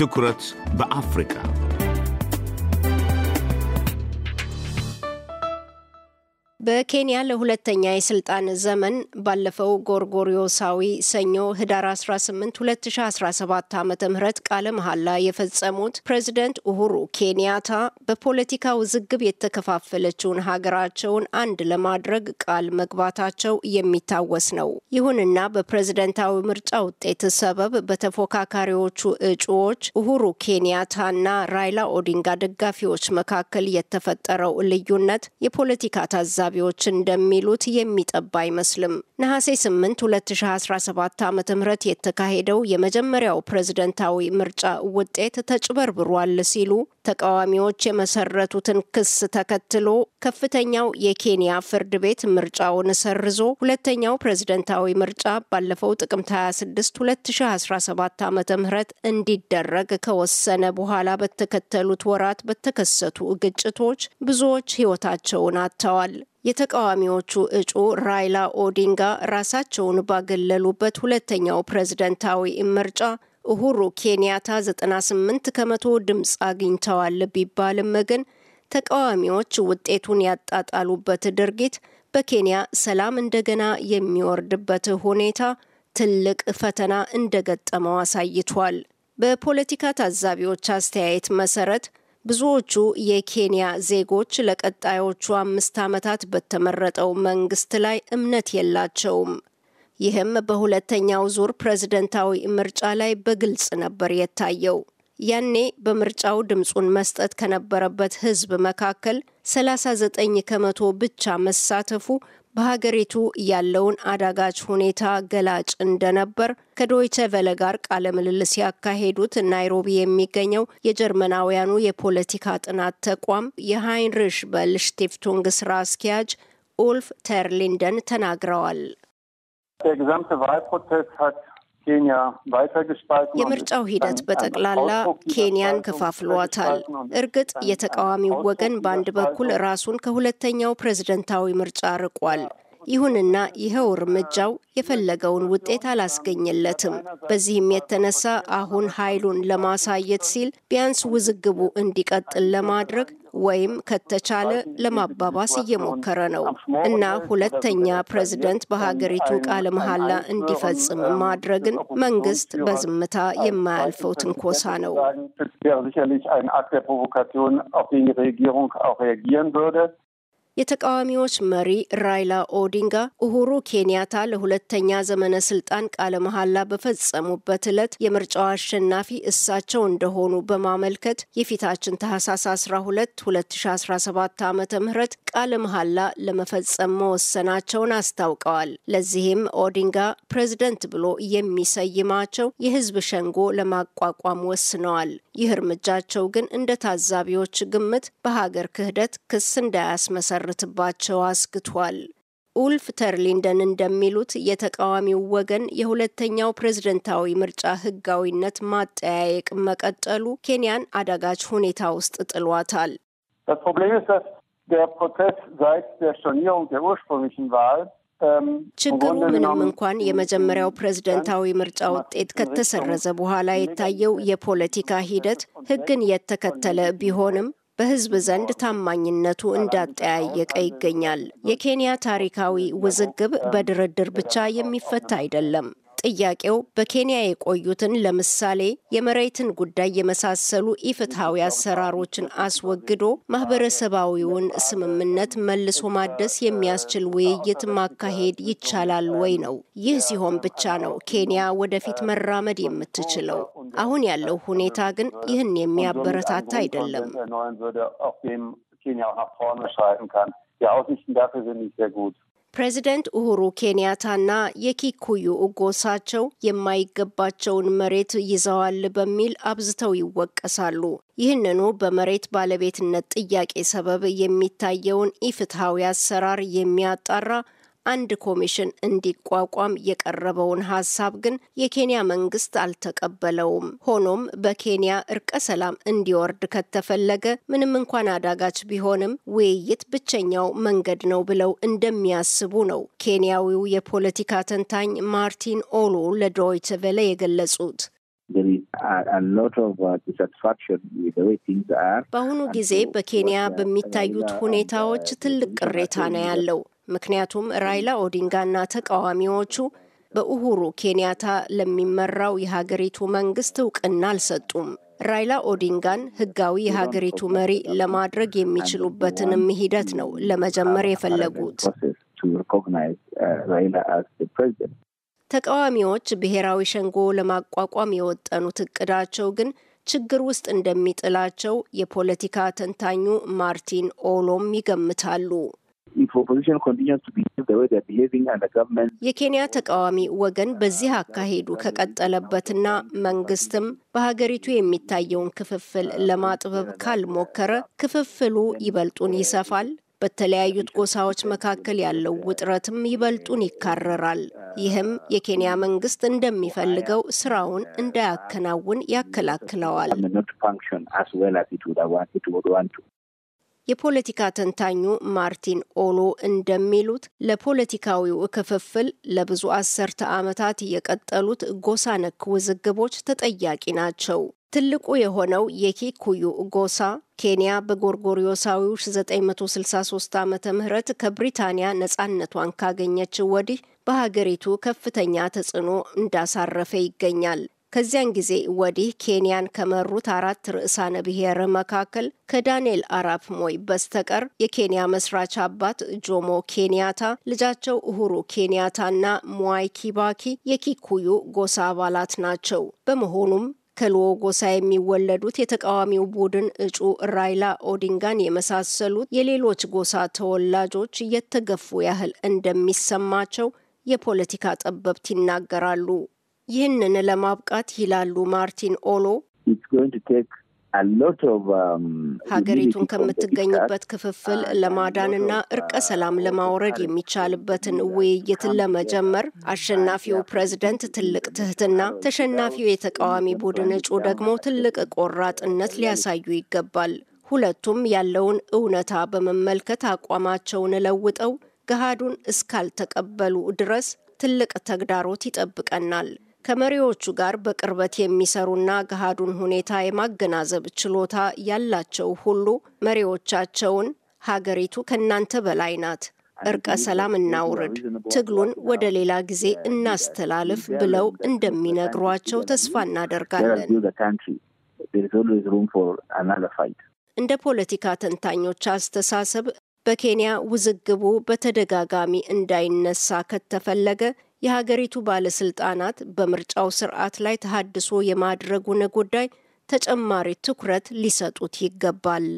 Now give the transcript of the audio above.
ትኩረት በአፍሪካ በኬንያ ለሁለተኛ የስልጣን ዘመን ባለፈው ጎርጎሪዮሳዊ ሰኞ ህዳር 18 2017 ዓ ም ቃለ መሐላ የፈጸሙት ፕሬዚደንት ኡሁሩ ኬንያታ በፖለቲካ ውዝግብ የተከፋፈለችውን ሀገራቸውን አንድ ለማድረግ ቃል መግባታቸው የሚታወስ ነው። ይሁንና በፕሬዝደንታዊ ምርጫ ውጤት ሰበብ በተፎካካሪዎቹ እጩዎች ኡሁሩ ኬንያታና ራይላ ኦዲንጋ ደጋፊዎች መካከል የተፈጠረው ልዩነት የፖለቲካ ታዛቢ ታዛቢዎች እንደሚሉት የሚጠባ አይመስልም። ነሐሴ 8 2017 ዓ ም የተካሄደው የመጀመሪያው ፕሬዝደንታዊ ምርጫ ውጤት ተጭበርብሯል ሲሉ ተቃዋሚዎች የመሰረቱትን ክስ ተከትሎ ከፍተኛው የኬንያ ፍርድ ቤት ምርጫውን ሰርዞ ሁለተኛው ፕሬዝደንታዊ ምርጫ ባለፈው ጥቅምት 26 2017 ዓ ም እንዲደረግ ከወሰነ በኋላ በተከተሉት ወራት በተከሰቱ ግጭቶች ብዙዎች ሕይወታቸውን አጥተዋል። የተቃዋሚዎቹ እጩ ራይላ ኦዲንጋ ራሳቸውን ባገለሉበት ሁለተኛው ፕሬዝደንታዊ ምርጫ ኡሁሩ ኬንያታ 98 ከመቶ ድምፅ አግኝተዋል ቢባልም ግን ተቃዋሚዎች ውጤቱን ያጣጣሉበት ድርጊት በኬንያ ሰላም እንደገና የሚወርድበት ሁኔታ ትልቅ ፈተና እንደገጠመው አሳይቷል። በፖለቲካ ታዛቢዎች አስተያየት መሰረት ብዙዎቹ የኬንያ ዜጎች ለቀጣዮቹ አምስት ዓመታት በተመረጠው መንግስት ላይ እምነት የላቸውም። ይህም በሁለተኛው ዙር ፕሬዝደንታዊ ምርጫ ላይ በግልጽ ነበር የታየው። ያኔ በምርጫው ድምፁን መስጠት ከነበረበት ህዝብ መካከል 39 ከመቶ ብቻ መሳተፉ በሀገሪቱ ያለውን አዳጋች ሁኔታ ገላጭ እንደነበር ከዶይቸ ቨለ ጋር ቃለ ምልልስ ያካሄዱት ናይሮቢ የሚገኘው የጀርመናውያኑ የፖለቲካ ጥናት ተቋም የሃይንሪሽ ብል ሽቲፍቱንግ ስራ አስኪያጅ ኡልፍ ተርሊንደን ተናግረዋል። የምርጫው ሂደት በጠቅላላ ኬንያን ከፋፍሏታል። እርግጥ የተቃዋሚው ወገን በአንድ በኩል ራሱን ከሁለተኛው ፕሬዝደንታዊ ምርጫ ርቋል። ይሁንና ይኸው እርምጃው የፈለገውን ውጤት አላስገኘለትም። በዚህም የተነሳ አሁን ኃይሉን ለማሳየት ሲል ቢያንስ ውዝግቡ እንዲቀጥል ለማድረግ ወይም ከተቻለ ለማባባስ እየሞከረ ነው እና ሁለተኛ ፕሬዝደንት በሀገሪቱ ቃለ መሐላ እንዲፈጽም ማድረግን መንግስት በዝምታ የማያልፈው ትንኮሳ ነው። የተቃዋሚዎች መሪ ራይላ ኦዲንጋ ኡሁሩ ኬንያታ ለሁለተኛ ዘመነ ስልጣን ቃለ መሐላ በፈጸሙበት ዕለት የምርጫው አሸናፊ እሳቸው እንደሆኑ በማመልከት የፊታችን ታህሳስ 12 2017 ዓ ም ቃለ መሐላ ለመፈጸም መወሰናቸውን አስታውቀዋል። ለዚህም ኦዲንጋ ፕሬዝደንት ብሎ የሚሰይማቸው የህዝብ ሸንጎ ለማቋቋም ወስነዋል። ይህ እርምጃቸው ግን እንደ ታዛቢዎች ግምት በሀገር ክህደት ክስ እንዳያስመሰ ሊመሰርትባቸው አስግቷል። ኡልፍ ተርሊንደን እንደሚሉት የተቃዋሚው ወገን የሁለተኛው ፕሬዝደንታዊ ምርጫ ህጋዊነት ማጠያየቅ መቀጠሉ ኬንያን አዳጋች ሁኔታ ውስጥ ጥሏታል። um, ችግሩ ምንም እንኳን የመጀመሪያው ፕሬዝደንታዊ ምርጫ ውጤት ከተሰረዘ በኋላ የታየው የፖለቲካ ሂደት ህግን የተከተለ ቢሆንም በህዝብ ዘንድ ታማኝነቱ እንዳጠያየቀ ይገኛል። የኬንያ ታሪካዊ ውዝግብ በድርድር ብቻ የሚፈታ አይደለም። ጥያቄው በኬንያ የቆዩትን ለምሳሌ የመሬትን ጉዳይ የመሳሰሉ ኢፍትሐዊ አሰራሮችን አስወግዶ ማህበረሰባዊውን ስምምነት መልሶ ማደስ የሚያስችል ውይይት ማካሄድ ይቻላል ወይ ነው። ይህ ሲሆን ብቻ ነው ኬንያ ወደፊት መራመድ የምትችለው። አሁን ያለው ሁኔታ ግን ይህን የሚያበረታታ አይደለም። ኬንያ ፕሬዚደንት ኡሁሩ ኬንያታና የኪኩዩ እጎሳቸው የማይገባቸውን መሬት ይዘዋል በሚል አብዝተው ይወቀሳሉ። ይህንኑ በመሬት ባለቤትነት ጥያቄ ሰበብ የሚታየውን ኢፍትሐዊ አሰራር የሚያጣራ አንድ ኮሚሽን እንዲቋቋም የቀረበውን ሀሳብ ግን የኬንያ መንግስት አልተቀበለውም። ሆኖም በኬንያ እርቀ ሰላም እንዲወርድ ከተፈለገ ምንም እንኳን አዳጋች ቢሆንም ውይይት ብቸኛው መንገድ ነው ብለው እንደሚያስቡ ነው ኬንያዊው የፖለቲካ ተንታኝ ማርቲን ኦሉ ለዶይቸ ቬለ የገለጹት። uh, በአሁኑ ጊዜ በኬንያ በሚታዩት ሁኔታዎች ትልቅ ቅሬታ ነው ያለው። ምክንያቱም ራይላ ኦዲንጋና ተቃዋሚዎቹ በኡሁሩ ኬንያታ ለሚመራው የሀገሪቱ መንግስት እውቅና አልሰጡም። ራይላ ኦዲንጋን ህጋዊ የሀገሪቱ መሪ ለማድረግ የሚችሉበትንም ሂደት ነው ለመጀመር የፈለጉት። ተቃዋሚዎች ብሔራዊ ሸንጎ ለማቋቋም የወጠኑት እቅዳቸው ግን ችግር ውስጥ እንደሚጥላቸው የፖለቲካ ተንታኙ ማርቲን ኦሎም ይገምታሉ። የኬንያ ተቃዋሚ ወገን በዚህ አካሄዱ ከቀጠለበትና መንግስትም በሀገሪቱ የሚታየውን ክፍፍል ለማጥበብ ካልሞከረ ክፍፍሉ ይበልጡን ይሰፋል፣ በተለያዩት ጎሳዎች መካከል ያለው ውጥረትም ይበልጡን ይካረራል። ይህም የኬንያ መንግስት እንደሚፈልገው ስራውን እንዳያከናውን ያከላክለዋል። የፖለቲካ ተንታኙ ማርቲን ኦሎ እንደሚሉት ለፖለቲካዊው ክፍፍል ለብዙ አስርተ ዓመታት የቀጠሉት ጎሳ ነክ ውዝግቦች ተጠያቂ ናቸው። ትልቁ የሆነው የኪኩዩ ጎሳ ኬንያ በጎርጎሪዮሳዊው 963 ዓ ም ከብሪታንያ ነፃነቷን ካገኘች ወዲህ በሀገሪቱ ከፍተኛ ተጽዕኖ እንዳሳረፈ ይገኛል። ከዚያን ጊዜ ወዲህ ኬንያን ከመሩት አራት ርዕሳነ ብሔር መካከል ከዳንኤል አራፕ ሞይ በስተቀር የኬንያ መስራች አባት ጆሞ ኬንያታ፣ ልጃቸው እሁሩ ኬንያታና ሞዋይ ኪባኪ የኪኩዩ ጎሳ አባላት ናቸው። በመሆኑም ከልዎ ጎሳ የሚወለዱት የተቃዋሚው ቡድን እጩ ራይላ ኦዲንጋን የመሳሰሉት የሌሎች ጎሳ ተወላጆች እየተገፉ ያህል እንደሚሰማቸው የፖለቲካ ጠበብት ይናገራሉ። ይህንን ለማብቃት ይላሉ ማርቲን ኦሎ um, ሀገሪቱን ከምትገኝበት ክፍፍል ለማዳንና uh, እርቀ ሰላም ለማውረድ የሚቻልበትን ውይይትን um, ለመጀመር አሸናፊው ፕሬዝደንት ትልቅ ትህትና፣ ተሸናፊው የተቃዋሚ ቡድን እጩ ደግሞ ትልቅ ቆራጥነት ሊያሳዩ ይገባል። ሁለቱም ያለውን እውነታ በመመልከት አቋማቸውን ለውጠው ገሃዱን እስካልተቀበሉ ድረስ ትልቅ ተግዳሮት ይጠብቀናል። ከመሪዎቹ ጋር በቅርበት የሚሰሩና ገሃዱን ሁኔታ የማገናዘብ ችሎታ ያላቸው ሁሉ መሪዎቻቸውን ሀገሪቱ ከእናንተ በላይ ናት፣ እርቀ ሰላም እናውርድ፣ ትግሉን ወደ ሌላ ጊዜ እናስተላልፍ ብለው እንደሚነግሯቸው ተስፋ እናደርጋለን። እንደ ፖለቲካ ተንታኞች አስተሳሰብ በኬንያ ውዝግቡ በተደጋጋሚ እንዳይነሳ ከተፈለገ የሀገሪቱ ባለስልጣናት በምርጫው ስርዓት ላይ ተሃድሶ የማድረጉን ጉዳይ ተጨማሪ ትኩረት ሊሰጡት ይገባል።